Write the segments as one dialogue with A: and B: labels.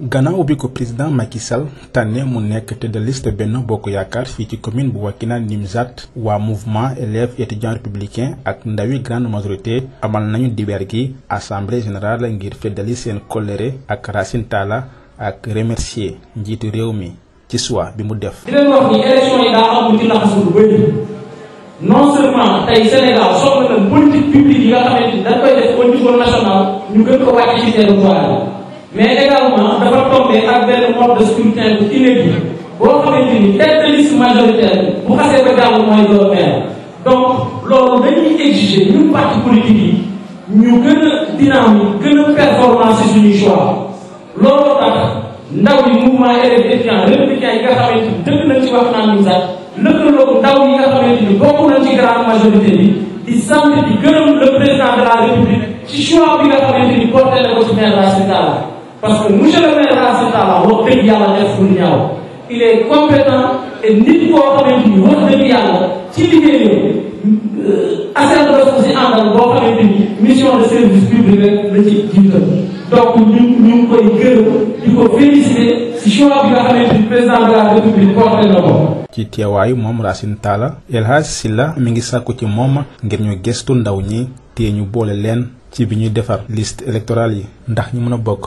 A: Gana bi président Macky Sall tané mu nek té de liste Benno Bokk yakar fi ci commune bu Wakhinane nimzat wa mouvement élèves étudiant républicain ak ndawi grande majorité amal nañu dibeer gi assemblée générale ngir feddali sen colère ak Racine Talla ak remercier njitu réew mi ci choix bi mu def. di leen wax
B: ni élection yi da am ci ci laxasu bu bëri non seulement tay Sénégal soxla na politique publique yi nga xamante ni dañ koy def au niveau national ñu gën ko wacc ci terrain mais également dafa tombé ak benn mode de scrutin bu inédit boo xamante ni tête de liste majoritaire bu xasee ba gàll mooy doon maire donc loolu dañuy exiger ñun parti politique gën a gën a performance ci suñu choix loolu tax ndaw yi mouvement élèves étudiants républicain yi nga xamante ni dëgg nañ ci wax naan ñu sax lëkkaloo ndaw yi nga xamante ni bokk nañ ci grande majorité bi di sant di gërëm le président de la république ci choix bi nga xamante ni porté na ko ci maire Racine Talla parce que monsieur le maire Racine Talla wax ci liggéeyam affaire de la ci ngi koy si la ci
A: moom Racine mi ngi sàkku ci moom ngir ñu gëstu ndaw ñi te ñu boole leen ci bi ñuy defar liste électorale yi ndax ñu mën a bokk.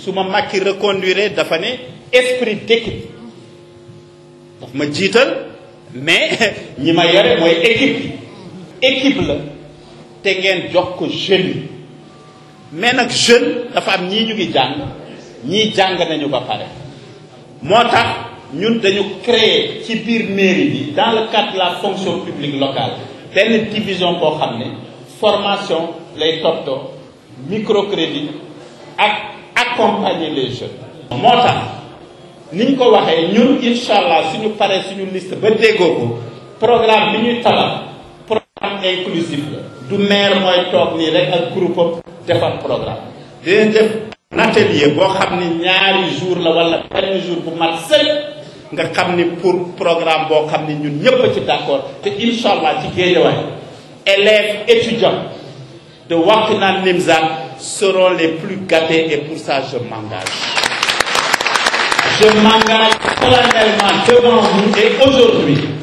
C: suma ma reconduire esprit d'équipe daf ma mais ñi ma équipe équipe la jox ko mais jeune dafa am ñii ñu ngi jàng ñii jàng nañu ba ñun dañu créer ci biir mairie dans le cadre de la fonction publique locale division boo formation lay microcrédit ak accompagner les jeunes. moo tax ni ko waxee ñun incha suñu paree suñu liste ba déggoo ko programme bi ñuy tabax programme inclusif la du maire mooy toog nii rek ak groupe defar programme dinañ def un boo xam ni ñaari jour la wala benn jour bu mat nga xam ni pour programme boo xam ni ñun ñëpp ci d'accord te incha allah ci géejawaay élèves étudiants de Wakhinane Nimzatt seront les plus gâtés et pour ça je m'engage. Je m'engage solennellement devant vous et aujourd'hui